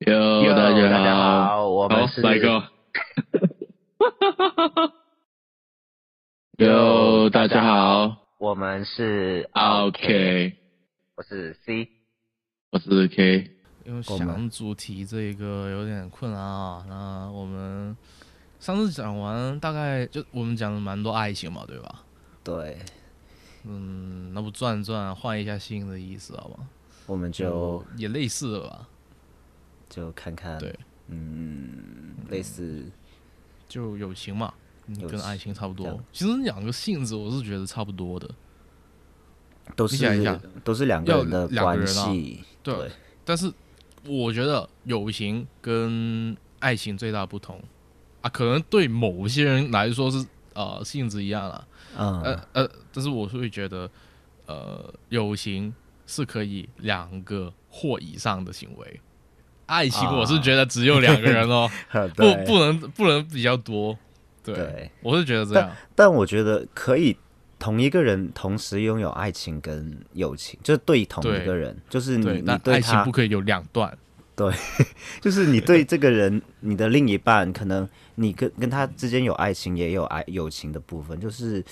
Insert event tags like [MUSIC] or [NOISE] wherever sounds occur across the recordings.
喲 Yo, Yo, 大家好，我們是賴哥。哈哈哈哈哈喲，大家好，我們是 OK，, okay. 我是 C，我是 K。因為想主題這個有點困難啊，那我們上次講完，大概就我們講了蠻多愛情嘛，對吧？對，嗯，那不轉轉，換一下新的意思好不好，好嗎？我們就、嗯、也類似了吧。就看看對，嗯，類似就友情嘛，有跟愛情差不多。樣其實兩個性質我是覺得差不多的，都是想一想都是兩個人的關係。啊、對，對，但是我覺得友情跟愛情最大不同啊，可能對某些人來說是呃性質一樣啦，嗯、呃呃，但是我會覺得呃友情是可以兩個或以上的行為。愛情，我是覺得只有兩個人哦， [LAUGHS] 對不，不能不能比較多。對，對我是覺得這樣但。但我覺得可以同一個人同時擁有愛情跟友情，就是對同一個人，對就是你，對你對他愛情不可以有兩段。對，就是你對這個人， [LAUGHS] 你的另一半，可能你跟跟他之間有愛情，也有愛友情的部分。就是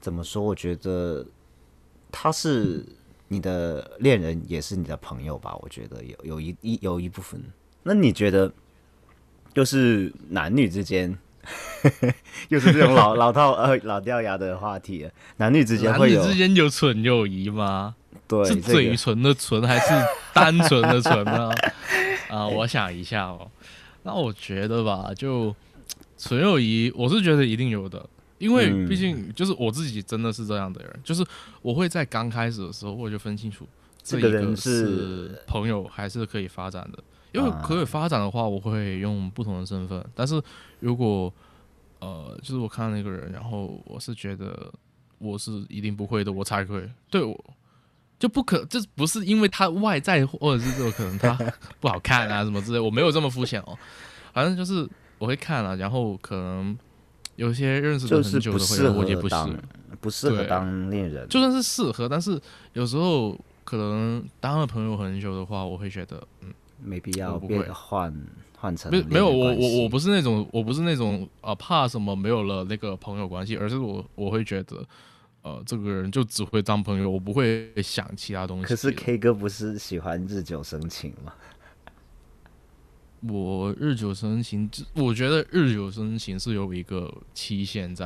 怎麼說？我覺得他是。嗯你的戀人也是你的朋友吧？我覺得有有一有一有一部分。那你覺得，就是男女之間，呵呵又是這種老 [LAUGHS] 老套呃老掉牙的話題了，男女之間，男女之間會有純友誼嗎？對，是嘴唇的唇還是單純的純呢？啊、 [LAUGHS] 呃，我想一下哦。那我覺得吧，就純友誼，我是覺得一定有的。因為畢竟就是我自己真的是這樣的人，嗯，就是我會在剛開始的時候，我就分清楚這一個是朋友還是可以發展的。因為可以發展的話，我會用不同的身份。但是如果呃，就是我看到那個人，然後我是覺得我是一定不會的，我才會。對，我就不可，這不是因為他外在或者是這個可能他不好看啊什麼之類，我沒有這麼膚淺哦。反正就是我會看了，啊，然後可能，有些認識的很久的會，我也不適，不適合當戀人。就算是適合，但是有時候可能當了朋友很久的話，我會覺得，嗯，沒必要，不會換換成。沒有，我我我不是那種，我不是那種，呃，怕什麼沒有了那個朋友關係，而是我我會覺得，呃，這個人就只會當朋友，我不會想其他東西。可是 K 哥不是喜歡日久生情嗎？我日久生情，我覺得日久生情是有一個期限在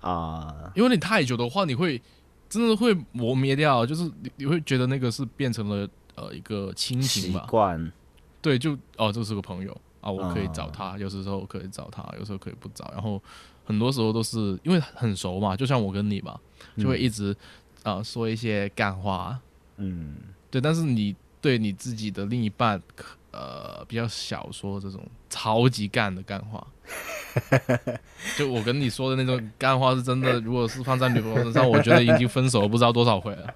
啊，uh, 因為你太久的話，你會真的會磨滅掉，就是你你會覺得那個是變成了呃一個親情吧？習慣，對，就哦，這是個朋友啊，我可以找他，uh, 有時候可以找他，有時候可以不找。然後很多時候都是因為很熟嘛，就像我跟你嘛，就會一直啊、嗯呃、說一些幹話，嗯，對。但是你對你自己的另一半。呃，比較小說這種超級幹的幹話， [LAUGHS] 就我跟你說的那種幹話是真的。 [LAUGHS] 如果是放在女朋友身上， [LAUGHS] 我覺得已經分手了不知道多少回了。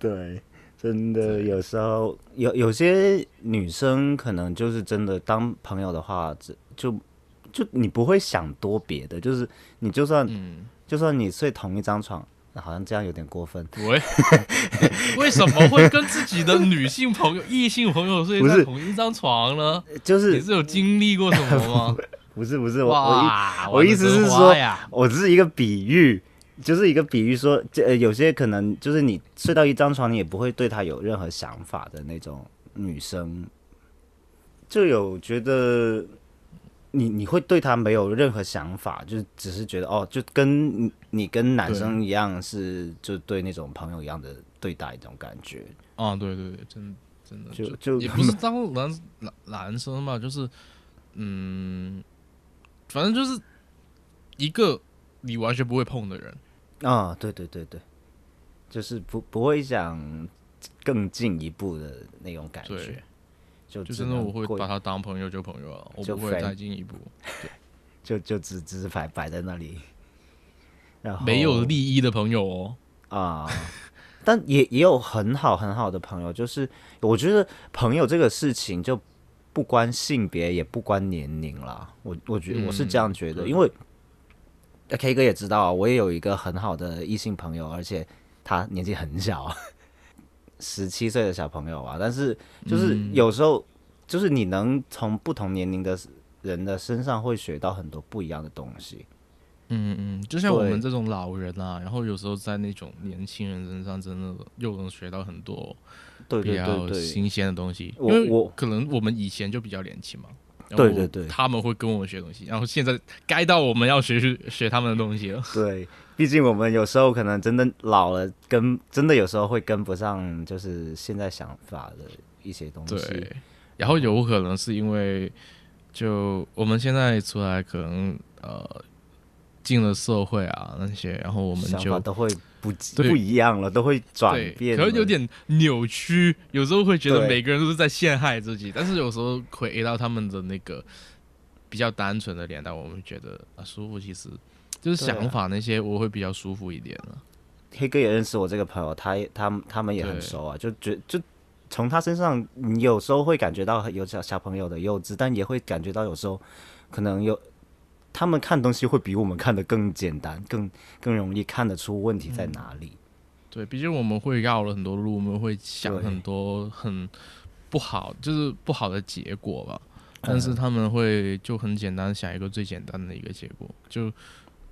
對，真的，真的有時候有有些女生可能就是真的，當朋友的話，就就就你不會想多別的，就是你就算、嗯、就算你睡同一張床。好像這樣有點過分。為 [LAUGHS] 為什麼會跟自己的女性朋友、異性朋友睡在同一張床呢？是就是你是有經歷過什麼嗎？不是 [LAUGHS] 不是，不是，我我，哇！我意思是說，呀我只是一個比喻，就是一個比喻說，說、呃、這有些可能就是你睡到一張床，你也不會對她有任何想法的那種女生，就有覺得。你你會對他沒有任何想法，就是只是覺得哦，就跟你跟男生一樣，是就對那種朋友一樣的對待一種感覺。啊、嗯，對對對，真的真的就就也不是當男男 [LAUGHS] 男生嘛，就是嗯，反正就是一個你完全不會碰的人。啊、哦，對對對對，就是不不會想更進一步的那種感覺。就真的我會把他當朋友，就朋友啊，我不會再進一步，對，就就只只是擺擺在那裡，然後沒有利益的朋友哦啊，但也也有很好很好的朋友，就是我覺得朋友這個事情就不關性別也不關年齡了，我我覺得，嗯，我是這樣覺得，因為 K 哥也知道啊，我也有一個很好的異性朋友，而且他年紀很小。十七歲的小朋友啊，但是就是有時候，就是你能從不同年齡的人的身上會學到很多不一樣的東西。嗯嗯，就像我們這種老人啊，對然後有時候在那種年輕人身上，真的又能學到很多比較新鮮的東西。對對對對，我，因為我可能我們以前就比較年輕嘛，對對對，他們會跟我們學東西，然後現在該到我們要學去學他們的東西了。對。畢竟我們有時候可能真的老了，跟真的有時候會跟不上，就是現在想法的一些東西。對，然後有可能是因為，就我們現在出來，可能呃，進了社會啊那些，然後我們想法都會不對不一樣了，都會轉變，可能有點扭曲。有時候會覺得每個人都是在陷害自己，對但是有時候回到他們的那個比較單純的臉，讓我們覺得啊舒服。其實。就是想法那些我會比較舒服一點了，啊。啊、黑哥也認識我這個朋友，他他他，他們也很熟啊。對就覺就從他身上，你有時候會感覺到有小小朋友的幼稚，但也會感覺到有時候可能有他們看東西會比我們看得更簡單，更更容易看得出問題在哪裡。對，畢竟我們會繞了很多路，我們會想很多很不好，就是不好的結果吧。對但是他們會就很簡單想一個最簡單的一個結果就。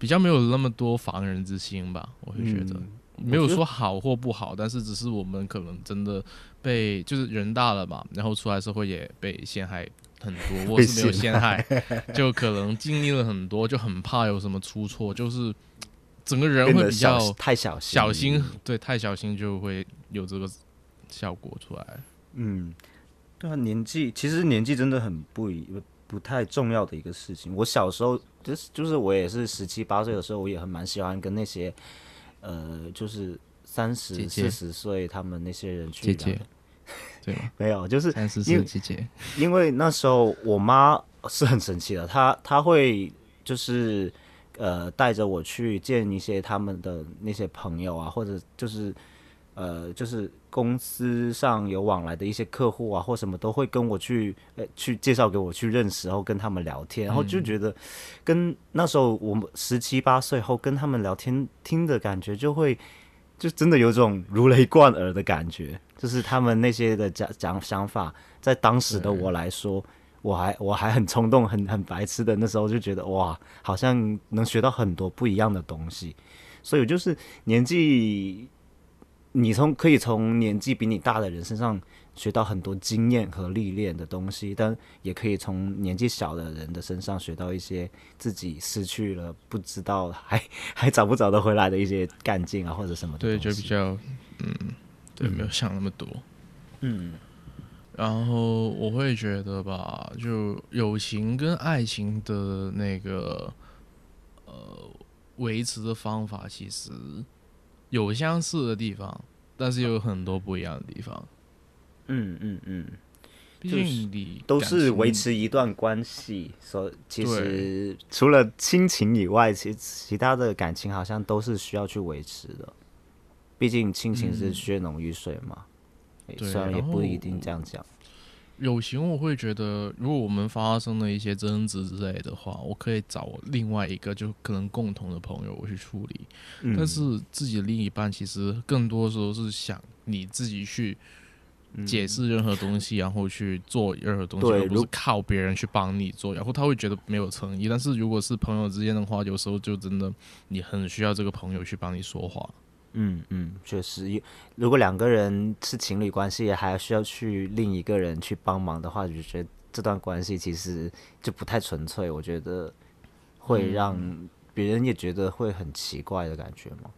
比較沒有那麼多防人之心吧，我會覺得、嗯、沒有說好或不好，但是只是我們可能真的被就是人大了嘛，然後出來社會也被陷害很多，我是沒有陷害，陷害就可能經歷了很多， [LAUGHS] 就很怕有什麼出錯，就是整個人會比較太小心，小心對，太小心就會有這個效果出來。嗯，對啊，年紀其實年紀真的很不一。不太重要的一個事情。我小時候就是就是我也是十七八歲的時候，我也很蠻喜歡跟那些，呃，就是三十姐、四十歲他們那些人去的。姐姐， [LAUGHS] 對嗎？ [LAUGHS] 沒有，就是因為三四十姐姐，因為那時候我媽是很神奇的，她她會就是呃帶着我去見一些他們的那些朋友啊，或者就是。呃，就是公司上有往來的一些客戶啊，或什麼都會跟我去，呃，去介紹給我去認識，然後跟他們聊天，嗯、然後就覺得，跟那時候我們十七八歲後跟他們聊天聽的感覺，就會就真的有種如雷貫耳的感覺，就是他們那些的講講想法，在當時的我來說，嗯、我還我還很衝動，很很白痴的那時候就覺得哇，好像能學到很多不一樣的東西，所以就是年紀。你從可以從年紀比你大的人身上學到很多經驗和歷練的東西，但也可以從年紀小的人的身上學到一些自己失去了不知道還還找不找得回來的一些幹勁啊，或者什麼東西。對，就比較嗯，對，沒有想那麼多，嗯。然後我會覺得吧，就友情跟愛情的那個呃維持的方法，其實。有相似的地方，但是有很多不一樣的地方。嗯嗯嗯，嗯嗯，你就是你都是維持一段關係，所以其實除了親情以外，對其其他的感情好像都是需要去維持的。畢竟親情是血濃於水嘛，嗯、雖然也不一定這樣講。友情，我會覺得，如果我們發生了一些爭執之類的話，我可以找另外一個就可能共同的朋友我去處理。嗯、但是自己的另一半，其實更多時候是想你自己去解釋任何東西，嗯、然後去做任何東西，對而不是靠別人去幫你做。然後他會覺得沒有誠意。但是如果是朋友之間的話，有時候就真的你很需要這個朋友去幫你說話。嗯嗯，確實，如果兩個人是情侶關係，也還需要去另一個人去幫忙的話，就覺得這段關係其實就不太純粹。我覺得會讓別人也覺得會很奇怪的感覺嘛。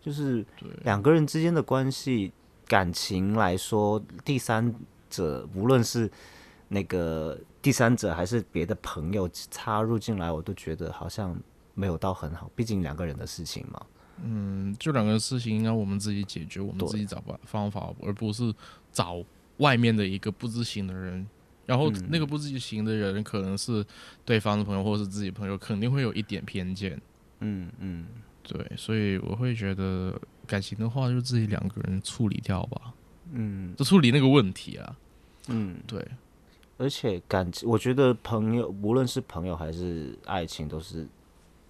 就是兩個人之間的關係，感情來說，第三者無論是那個第三者還是別的朋友插入進來，我都覺得好像沒有到很好。畢竟兩個人的事情嘛。嗯，就兩個事情應該我們自己解決，我們自己找辦方法，對而不是找外面的一個不知情的人。然後那個不知情的人可能是對方的朋友或者是自己朋友，肯定會有一點偏見。嗯嗯，嗯對，所以我會覺得感情的話，就自己兩個人處理掉吧。嗯，就處理那個問題啊。嗯，對。而且感情，我覺得朋友，無論是朋友還是愛情，都是。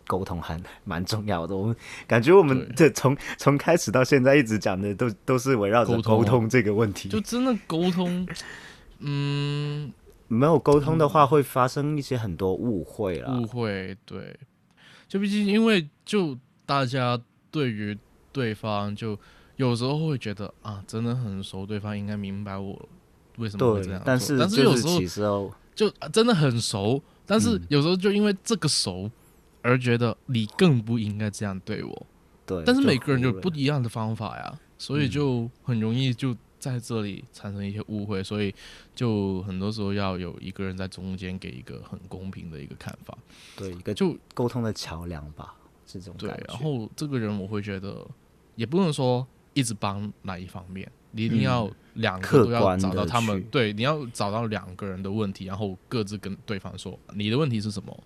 溝通還蠻重要的，我們感覺我們這從對從,從開始到現在一直講的都都是圍繞溝通,溝通這個問題。就真的溝通， [LAUGHS] 嗯，沒有溝通的話會發生一些很多誤會啦、嗯。誤會，對，就畢竟因為就大家對於對方，就有時候會覺得啊，真的很熟，對方應該明白我為什麼會這樣對。但是,就是其實、哦，但是有時候就、啊、真的很熟，但是有時候就因為這個熟。嗯而覺得你更不應該這樣對我，對。但是每個人就不一樣的方法呀，所以就很容易就在這裡產生一些誤會，嗯，所以就很多時候要有一個人在中間給一個很公平的一個看法，對，一個就溝通的橋樑吧，就是這種對。然後這個人我會覺得也不能說一直幫哪一方面。一定要兩個都要找到他們，對，你要找到兩個人的問題，然後各自跟對方說你的問題是什麼，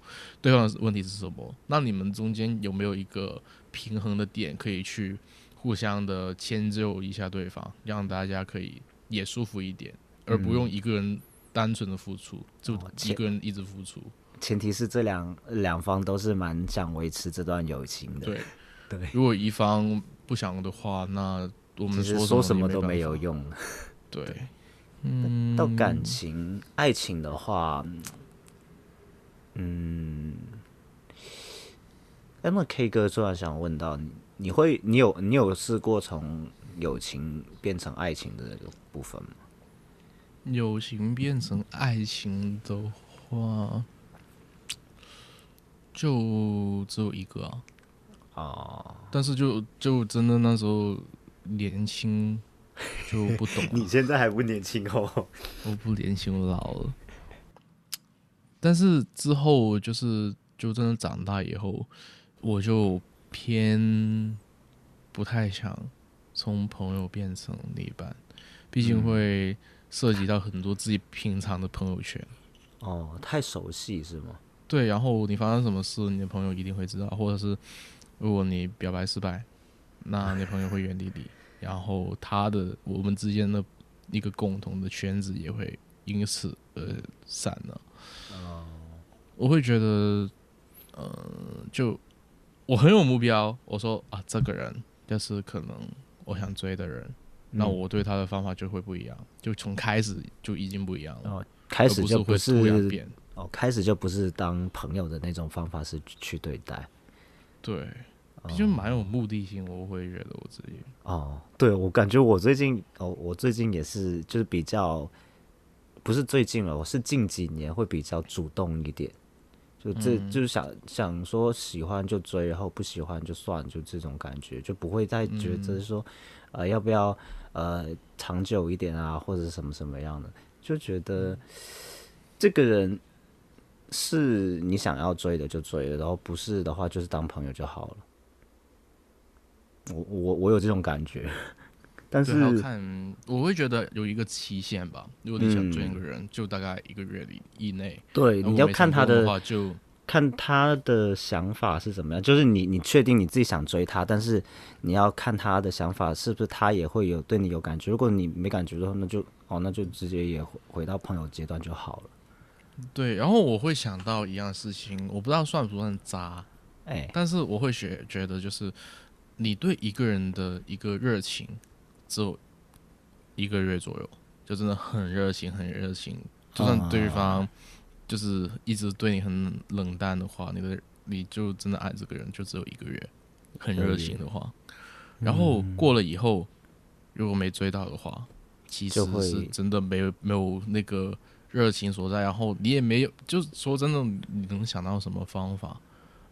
對方的問題是什麼。那你們中間有沒有一個平衡的點，可以去互相的遷就一下對方，讓大家可以也舒服一點，而不用一個人單純的付出，就一個人一直付出。哦，前，前提是這兩兩方都是蠻想維持這段友情的。對，對如果一方不想的話，那。我們說什，說什麼都沒有用，對。嗯，到感情、愛情的話，嗯，M K 哥突然想問到你，你會，你有，你有試過從友情變成愛情的那個部分嗎？友情變成愛情的話，就只有一個啊。啊，但是就就真的那時候。年輕就不懂。 [LAUGHS] 你現在還不年輕哦。我 [LAUGHS] 不年輕，我老了。但是之後就是，就真的長大以後，我就偏不太想從朋友變成另一半，畢竟會涉及到很多自己平常的朋友圈。嗯、哦，太熟悉是嗎？對，然後你發生什麼事，你的朋友一定會知道，或者是如果你表白失敗。那你朋友會遠離你，嗯、然後他的我們之間的一個共同的圈子也會因此而散了。嗯、我會覺得，呃，就我很有目標。我說啊，這個人但是可能我想追的人，嗯、那我對他的方法就會不一樣，就從開始就已經不一樣了。哦，開始就不是突變，哦，開始就不是當朋友的那種方法是去對待。對。就蠻有目的性，哦、我會覺得我自己。哦，對，我感覺我最近哦，我最近也是就是比較，不是最近了，我是近幾年會比較主動一點，就這、嗯、就是想想說喜歡就追，然後不喜歡就算，就這種感覺，就不會再覺得說，嗯、呃，要不要呃長久一點啊，或者什麼什麼樣的，就覺得，這個人是你想要追的就追了，然後不是的話就是當朋友就好了。我我我有這種感覺，但是要看，我會覺得有一個期限吧。如果你想追一個人，嗯、就大概一個月裡以內。對，你要看他的，就看他的想法是怎麼樣。就是你你確定你自己想追他，但是你要看他的想法是不是他也會有對你有感覺。如果你沒感覺的話，那就哦，那就直接也回到朋友階段就好了。對，然後我會想到一樣的事情，我不知道算不算渣，哎、欸，但是我會學覺得就是。你對一個人的一個熱情，只有一個月左右，就真的很熱情，很熱情。就算對方就是一直對你很冷淡的話，你的你就真的愛這個人，就只有一個月，很熱情的話。然後過了以後，如果沒追到的話，其實是真的沒有沒有那個熱情所在。然後你也沒有，就是說真的，你能想到什麼方法？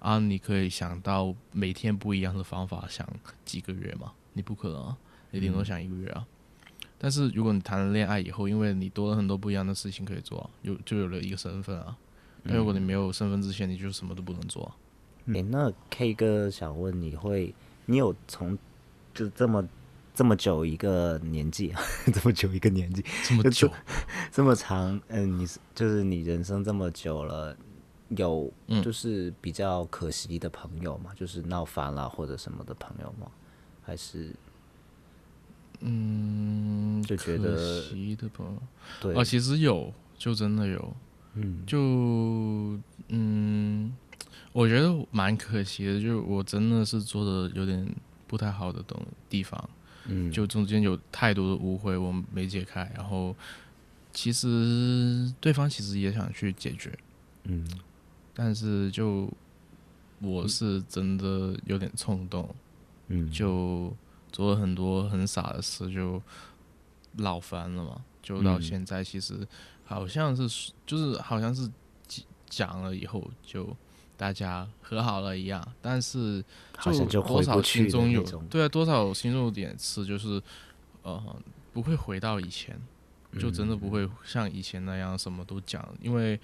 啊，你可以想到每天不一樣的方法，想幾個月嗎？你不可能、啊，你頂多想一個月啊。嗯、但是如果你談了戀愛以後，因為你多了很多不一樣的事情可以做、啊，有就有了一個身份啊。那、嗯、如果你沒有身份之前，你就什麼都不能做、啊欸。那 K 哥想問你會，會你有從就這麼這麼久一個年紀，這麼久一個年紀、啊， [LAUGHS] 這麼久，這麼，久 [LAUGHS] 這麼長，嗯，你就是你人生這麼久了。有就是比較可惜的朋友嘛，嗯、就是鬧翻了或者什麼的朋友嗎？還是嗯，就覺得、嗯、可惜的朋友對啊、哦，其實有，就真的有，嗯就嗯，我覺得蠻可惜的，就是我真的是做的有點不太好的東地方，嗯、就中間有太多的誤會我沒解開，然後其實對方其實也想去解決，嗯。但是就我是真的有點衝動，嗯、就做了很多很傻的事，就鬧翻了嘛。嗯、就到現在，其實好像是就是好像是講了以後，就大家和好了一樣。但是就多少好像就心中有對啊，多少心中有點事就是，呃，不會回到以前，就真的不會像以前那樣什麼都講，嗯、因為。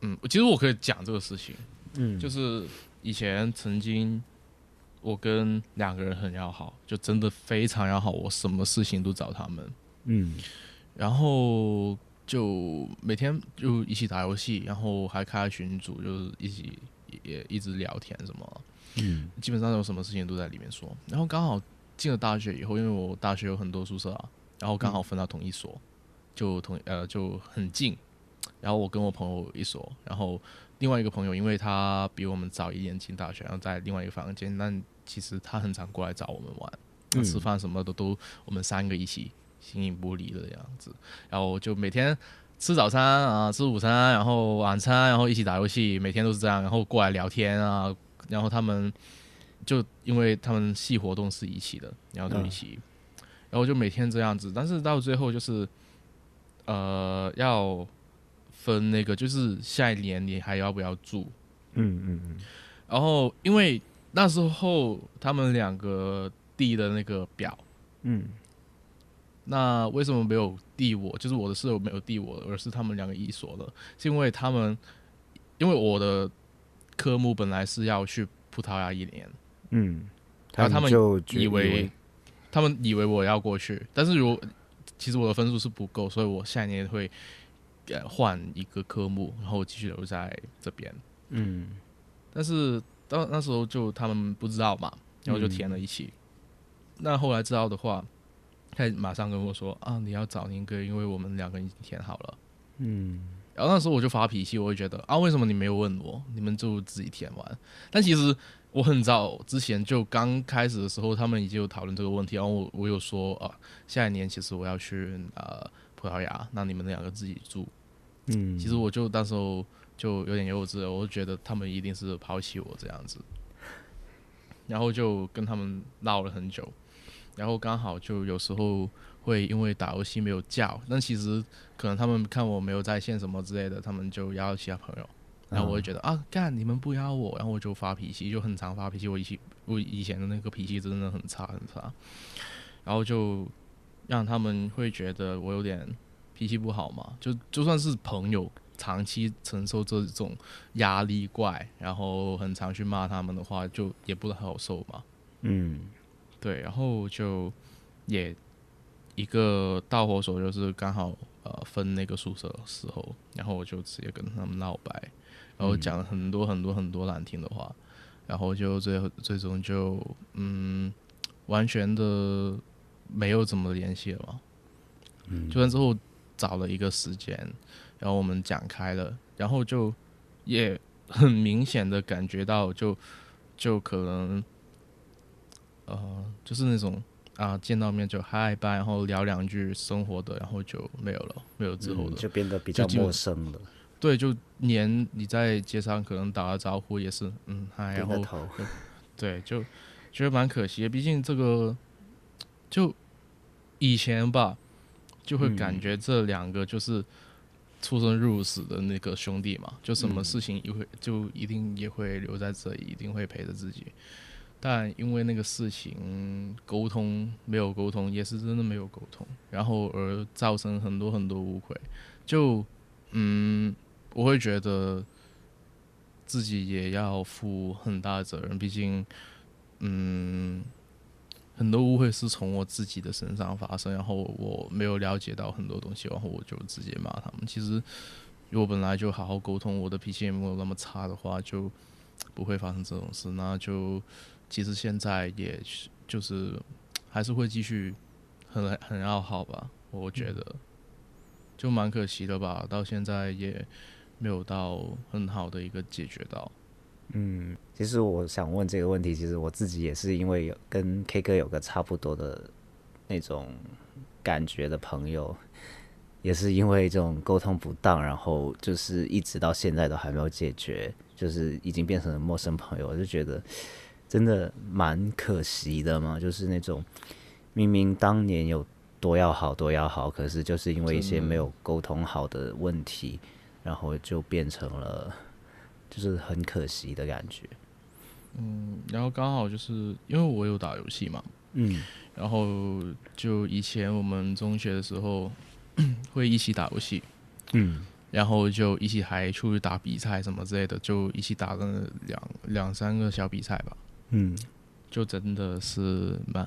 嗯，其實我可以講這個事情，嗯，就是以前曾經我跟兩個人很要好，就真的非常要好，我什麼事情都找他們，嗯，然後就每天就一起打遊戲，然後還開群組，就是一起也一直聊天什麼，嗯，基本上有什麼事情都在裡面說。然後剛好進了大學以後，因為我大學有很多宿舍啊，然後剛好分到同一所，嗯，就同呃就很近。然後我跟我朋友一說，然後另外一個朋友，因為他比我們早一年進大學，然後在另外一個房間，但其實他很常過來找我們玩，吃飯什麼的都，嗯、都我們三個一起形影不離的樣子。然後就每天吃早餐啊，吃午餐，然後晚餐，然後一起打遊戲，每天都是這樣。然後過來聊天啊，然後他們就因為他們系活動是一起的，然後就一起，嗯、然後就每天這樣子。但是到最後就是，呃，要分那個就是下一年你還要不要住？嗯嗯嗯。嗯嗯然後因為那時候他們兩個遞的那個表，嗯，那為什麼沒有遞我？就是我的室友沒有遞我的，而是他們兩個一所的，是因為他們，因為我的科目本來是要去葡萄牙一年，嗯，嗯然後他們就以為，為他們以為我要過去，但是如果其實我的分數是不夠，所以我下一年會。換一個科目，然後繼續留在這邊。嗯，但是到那時候就他們不知道嘛，然後就填了一起。嗯、那後來知道的話，他馬上跟我說：“嗯、啊，你要找寧哥，因為我們兩個人已經填好了。”嗯，然後那時候我就發脾氣，我就覺得：“啊，為什麼你沒有問我？你們就自己填完？”但其實我很早之前就剛開始的時候，他們已經有討論這個問題，然後我我有說：“啊，下一年其實我要去呃。”小牙，那你們兩個自己住。嗯，其實我就到時候就有點幼稚，我就覺得他們一定是拋棄我這樣子，然後就跟他們鬧了很久。然後剛好就有時候會因為打遊戲沒有叫，但其實可能他們看我沒有在線什麼之類的，他們就邀其他朋友。然後我就覺得啊，幹，你們不邀我，然後我就發脾氣，就很常發脾氣。我以前我以前的那個脾氣真的很差，很差。然後就。讓他們會覺得我有點脾氣不好嘛，就就算是朋友，長期承受這種壓力怪，然後很常去罵他們的話，就也不好受嘛。嗯，對，然後就也一個導火索就是剛好呃分那個宿舍的時候，然後我就直接跟他們鬧掰，然後講了很多很多很多難聽的話，嗯、然後就最後最終就嗯完全的。沒有怎麼聯繫了，嗯，就算之後找了一個時間，然後我們講開了，然後就也很明顯的感覺到，就就可能，呃，就是那種啊，見到面就嗨吧，然後聊兩句生活的，然後就沒有了，沒有之後了，就變得比較陌生了。對，就連你在街上可能打個招呼也是，嗯，嗨，然後，對，就覺得蠻可惜的，畢竟這個。就以前吧，就會感覺這兩個就是出生入死的那個兄弟嘛，就什麼事情也會就一定也會留在這裡，一定會陪着自己。但因為那個事情溝通沒有溝通，也是真的沒有溝通，然後而造成很多很多誤會。就嗯，我會覺得自己也要負很大責任，畢竟嗯。很多誤會是從我自己的身上發生，然後我沒有了解到很多東西，然後我就直接罵他們。其實如果本來就好好溝通，我的脾氣也沒有那麼差的話，就不會發生這種事。那就其實現在也就是還是會繼續很很要好吧？我覺得就蠻可惜的吧，到現在也沒有到很好的一個解決到。嗯，其實我想問這個問題，其實我自己也是因為有跟 K 哥有個差不多的那種感覺的朋友，也是因為這種溝通不當，然後就是一直到現在都還沒有解決，就是已經變成了陌生朋友，我就覺得真的蠻可惜的嘛，就是那種明明當年有多要好，多要好，可是就是因為一些沒有溝通好的問題，然後就變成了。就是很可惜的感覺，嗯，然後剛好就是因為我有打遊戲嘛，嗯，然後就以前我們中學的時候會一起打遊戲，嗯，然後就一起還出去打比賽什麼之類的，就一起打了兩兩三個小比賽吧，嗯，就真的是蠻。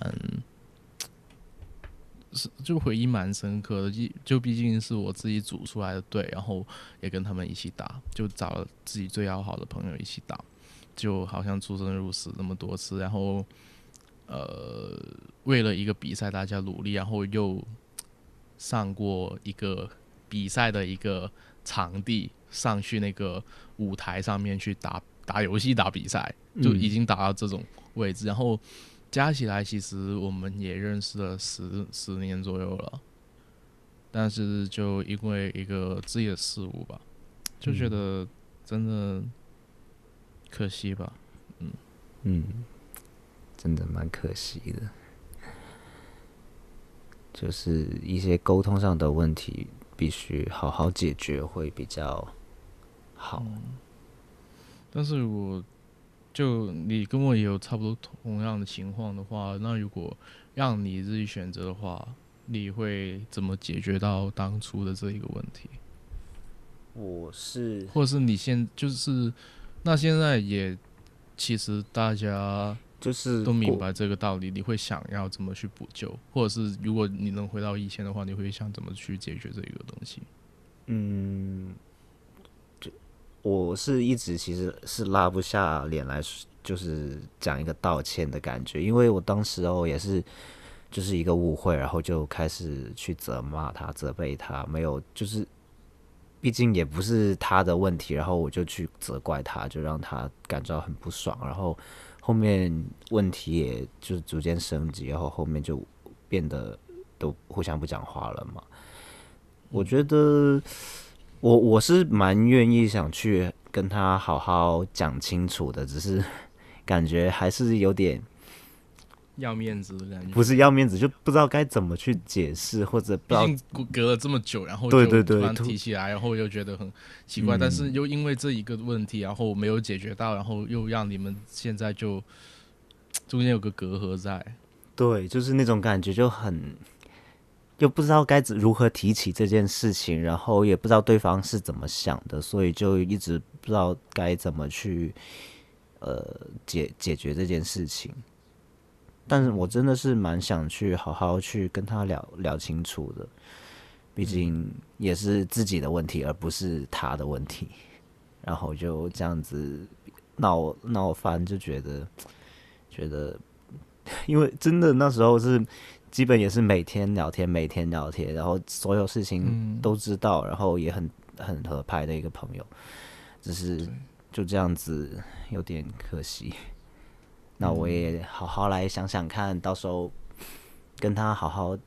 就回憶蠻深刻的，就畢竟是我自己組出來的隊，然後也跟他們一起打，就找了自己最要好的朋友一起打，就好像出生入死那麼多次，然後，呃，為了一個比賽大家努力，然後又上過一個比賽的一個場地，上去那個舞台上面去打打遊戲、打比賽，就已經打到這種位置，嗯、然後。加起來，其實我們也認識了十十年左右了，但是就因為一個自己的事物吧，就覺得真的可惜吧。嗯嗯，嗯嗯真的蠻可惜的，就是一些溝通上的問題，必須好好解決會比較好。嗯、但是，我。就你跟我也有差不多同樣的情況的話，那如果讓你自己選擇的話，你會怎麼解決到當初的這一個問題？我是，或是你現就是，那現在也其實大家就是都明白這個道理，你會想要怎麼去補救，或者是如果你能回到以前的話，你會想怎麼去解決這一個東西？嗯。我是一直其實是拉不下臉來，就是講一個道歉的感覺，因為我當時哦也是，就是一個誤會，然後就開始去責罵他、責備他，沒有就是，畢竟也不是他的問題，然後我就去責怪他，就讓他感到很不爽，然後後面問題也就逐漸升級，然後後面就變得都互相不講話了嘛。我覺得。我我是蠻願意想去跟他好好講清楚的，只是感覺還是有點要面子的感覺，不是要面子，就不知道該怎麼去解釋或者不知道。畢竟隔了這麼久，然後就突然提起來，對對對，對對對，然後又覺得很奇怪，嗯、但是又因為這一個問題，然後沒有解決到，然後又讓你們現在就中間有個隔閡在，對，就是那種感覺就很。又不知道該如何提起這件事情，然後也不知道對方是怎麼想的，所以就一直不知道該怎麼去呃解解決這件事情。但是我真的是蠻想去好好去跟他聊聊清楚的，畢竟也是自己的問題，而不是他的問題。然後就這樣子鬧鬧我翻，就覺得覺得，因為真的那時候是。基本也是每天聊天，每天聊天，然後所有事情都知道，嗯、然後也很很合拍的一個朋友，只是就這樣子有點可惜。那我也好好來想想看，到時候跟他好好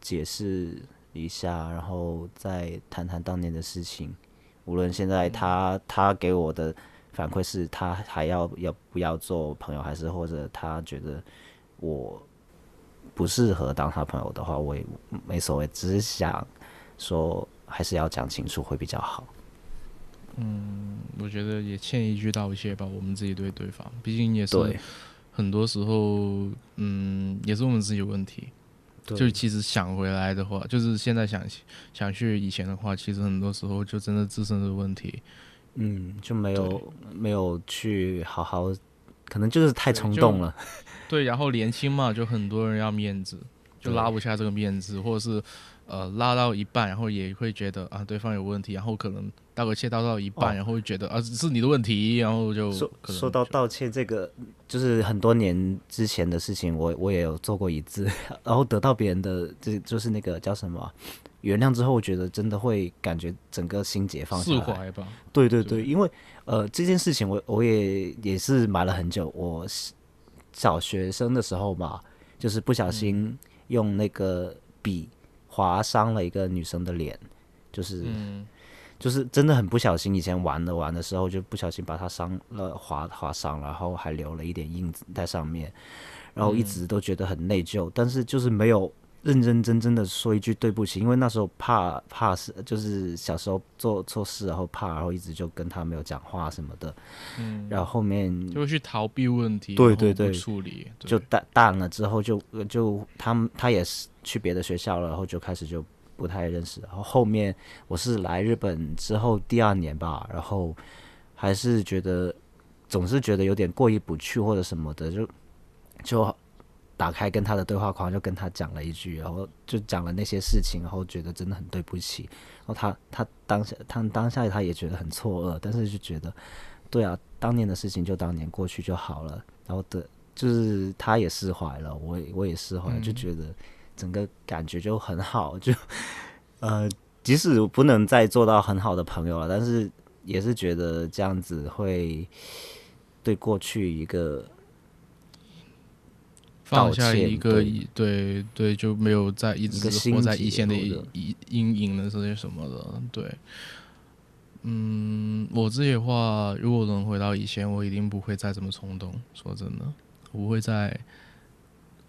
解釋一下，然後再談談當年的事情。無論現在他、嗯、他給我的反饋是他還要要不要做朋友，還是或者他覺得我。不適合當他朋友的話，我也沒所謂，只是想說還是要講清楚會比較好。嗯，我覺得也欠一句道歉吧，我們自己對對方，畢竟也是很多時候，對嗯，也是我們自己的問題。對就其實想回來的話，就是現在想想去以前的話，其實很多時候就真的自身的問題，嗯，就沒有對沒有去好好。可能就是太衝動了，對，對，然後年輕嘛，就很多人要面子，就拉不下這個面子，對或者是，呃，拉到一半，然後也會覺得啊，對方有問題，然後可能道個歉道到一半，哦、然後會覺得啊，是你的問題，然後就，就說，說到道歉這個，就是很多年之前的事情我，我我也有做過一次，然後得到別人的這就是那個叫什麼。原諒之後，我覺得真的會感覺整個心結放下來，釋懷吧。對對對，因為呃這件事情，我我也也是瞞了很久。我小學生的時候嘛，就是不小心用那個筆劃傷了一個女生的臉，就是就是真的很不小心。以前玩的玩的時候，就不小心把她傷了，劃劃傷，然後還留了一點印子在上面，然後一直都覺得很內疚，但是就是沒有。認認真真的說一句對不起，因為那時候怕怕是就是小時候做錯事，然後怕，然後一直就跟他沒有講話什麼的。嗯，然後後面就去逃避問題，對對對，處理。就大大了之後就，就就他們他也是去別的學校了，然後就開始就不太認識。然後後面我是來日本之後第二年吧，然後還是覺得總是覺得有點過意不去或者什麼的，就就。打開跟他的對話框，就跟他講了一句，然後就講了那些事情，然後覺得真的很對不起。然後他他當下他當下他也覺得很錯愕，但是就覺得，對啊，當年的事情就當年過去就好了。然後的就是他也釋懷了，我也我也釋懷了，嗯。就覺得整個感覺就很好。就呃，即使我不能再做到很好的朋友了，但是也是覺得這樣子會對過去一個。放下一個，對對、對、對，就沒有再一直活在以前的、一的以陰影了，這些什麼的，對。嗯，我自己的話，如果能回到以前，我一定不會再這麼衝動。說真的，不會再，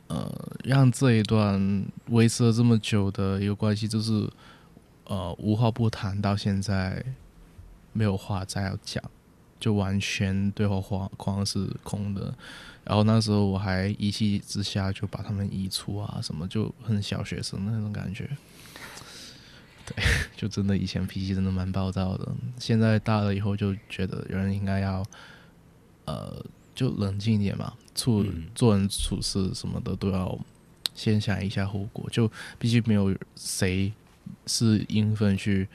呃，讓這一段維持了這麼久的一個關係，就是，呃，無話不談到現在，沒有話再要講，就完全對話框框是空的。然後那時候我還一氣之下就把他們移出啊，什麼就很小學生的那種感覺，對，就真的以前脾氣真的蠻暴躁的。現在大了以後就覺得，人應該要，呃，就冷靜一點嘛，處做人處事什麼的都要先想一下後果。就畢竟沒有誰是應分去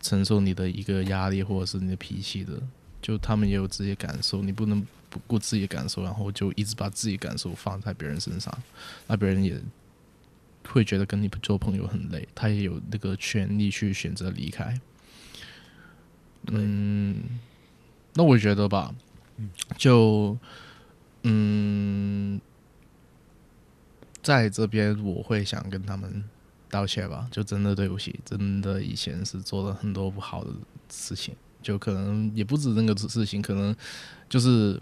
承受你的一個壓力或者是你的脾氣的，就他們也有自己的感受，你不能。不顧自己的感受，然後就一直把自己的感受放在別人身上，那別人也會覺得跟你做朋友很累，他也有那個權利去選擇離開。嗯，對那我覺得吧，嗯，就嗯，在這邊我會想跟他們道歉吧，就真的對不起，真的以前是做了很多不好的事情，就可能也不止那個事情，可能就是。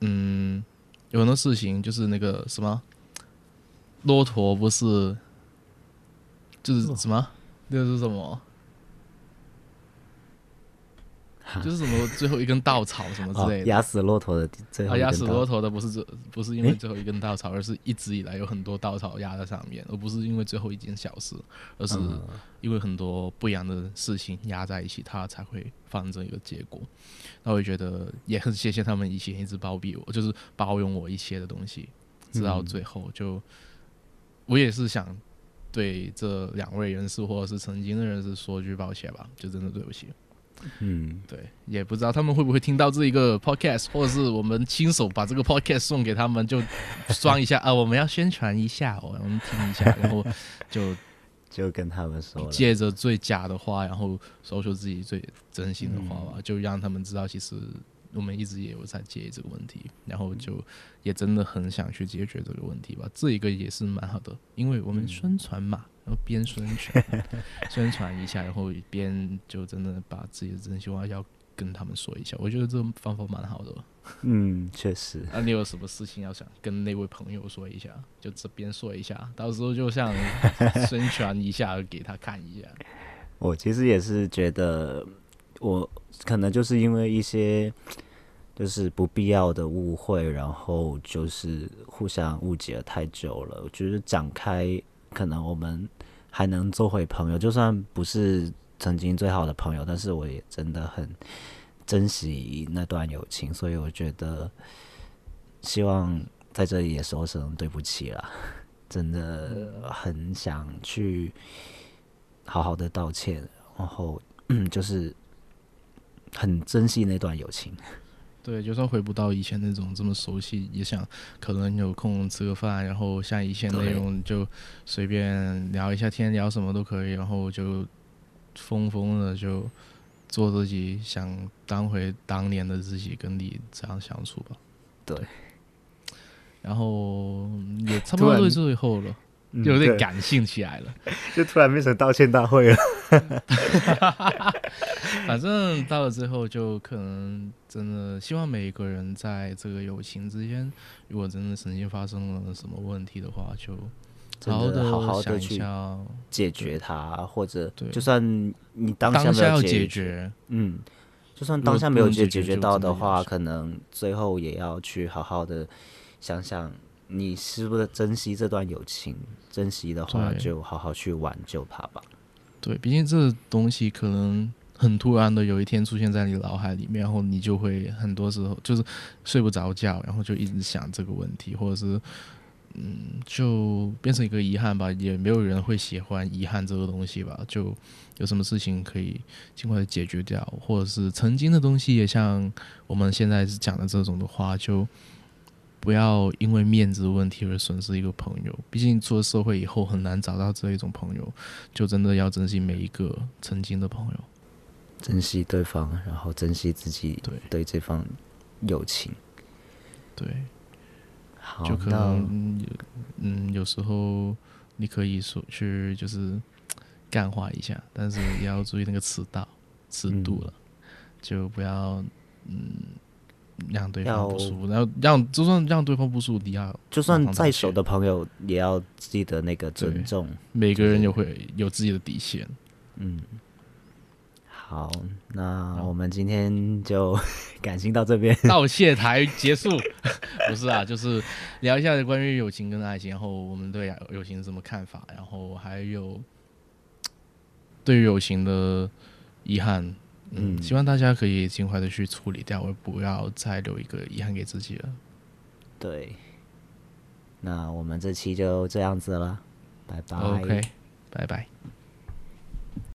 嗯，有很多事情，就是那個什麼，駱駝不是，就是什麼，那個、哦、是什麼？就是什麼最後一根稻草什麼之類的，啊啊，壓死駱駝的。他壓死駱駝的不是這，不是因為最後一根稻草。欸，而是一直以來有很多稻草壓在上面，而不是因為最後一件小事，而是因為很多不一樣的事情壓在一起，他才會放這個結果。那我也覺得也很謝謝他們以前一直包庇我，就是包容我一些的東西，直到最後就、嗯、我也是想對這兩位人士或者是曾經的人士說句抱歉吧，就真的對不起。嗯，對，也不知道他們會不會聽到這一個 podcast，或者是我們親手把這個 podcast 送給他們，就裝一下 [LAUGHS] 啊，我們要宣傳一下，我們聽一下， [LAUGHS] 然後就就跟他們說，借着最假的話，然後說出自己最真心的話吧，嗯、就讓他們知道，其實我們一直也有在介意這個問題，然後就也真的很想去解決這個問題吧，這一個也是蠻好的，因為我們宣傳嘛。嗯邊宣傳 [LAUGHS] 宣傳一下，然後邊就真的把自己的真心話要跟他們說一下。我覺得這種方法蠻好的。嗯，確實。那、啊、你有什麼事情要想跟那位朋友說一下？就這邊說一下，到時候就像宣傳一下，給他看一下。 [LAUGHS] 我其實也是覺得，我可能就是因為一些就是不必要的誤會，然後就是互相誤解了太久了。我覺得展開。可能我們還能做回朋友，就算不是曾經最好的朋友，但是我也真的很珍惜那段友情，所以我覺得希望在這裡也說聲對不起啦，真的很想去好好的道歉，然後，嗯，就是很珍惜那段友情。對，就算回不到以前那種這麼熟悉，也想可能有空吃個飯，然後像以前那種就隨便聊一下天，天，聊什麼都可以，然後就瘋瘋的就做自己，想當回當年的自己，跟你這樣相處吧。對，然後也差不多到最後了，然就有點感性起來了，嗯、就突然變成道歉大會了。 [LAUGHS] [LAUGHS] [LAUGHS] 反正到了最後，就可能真的希望每一個人在這個友情之間，如果真的曾經發生了什麼問題的話，就真的好好的，真的好好的去解決它，對或者就算你當下，沒有解決，對，當下要解決，嗯，就算當下沒有解決，嗯、沒有解決到的話，的可能最後也要去好好的想想你是不是珍惜這段友情，珍惜的話就好好去挽救它吧。對，畢竟這東西可能。很突然的，有一天出現在你腦海裡面，然後你就會很多時候就是睡不着覺，然後就一直想這個問題，或者是嗯，就變成一個遺憾吧。也沒有人會喜歡遺憾這個東西吧？就有什麼事情可以儘快解決掉，或者是曾經的東西，也像我們現在講的這種的話，就不要因為面子問題而損失一個朋友。畢竟出了社會以後很難找到這一種朋友，就真的要珍惜每一個曾經的朋友。珍惜對方，然後珍惜自己，對這方友情，對。對，好，就可能那嗯，有時候你可以說去就是感化一下，但是也要注意那個尺度、尺 [LAUGHS] 度了，就不要嗯，讓對方不舒服，要然後讓，就算讓對方不舒服，你要往往前前，就算再熟的朋友也要記得那個尊重，每個人也會有自己的底線，會嗯。好，那我們今天就好 [LAUGHS] 感情到這邊道謝台結束， [LAUGHS] 不是啊，就是聊一下關於友情跟愛情，然後我們對友情什麼看法，然後還有對於友情的遺憾，嗯，嗯希望大家可以盡快的去處理掉，我不要再留一個遺憾給自己了。對，那我們這期就這樣子了，拜拜，OK，拜拜。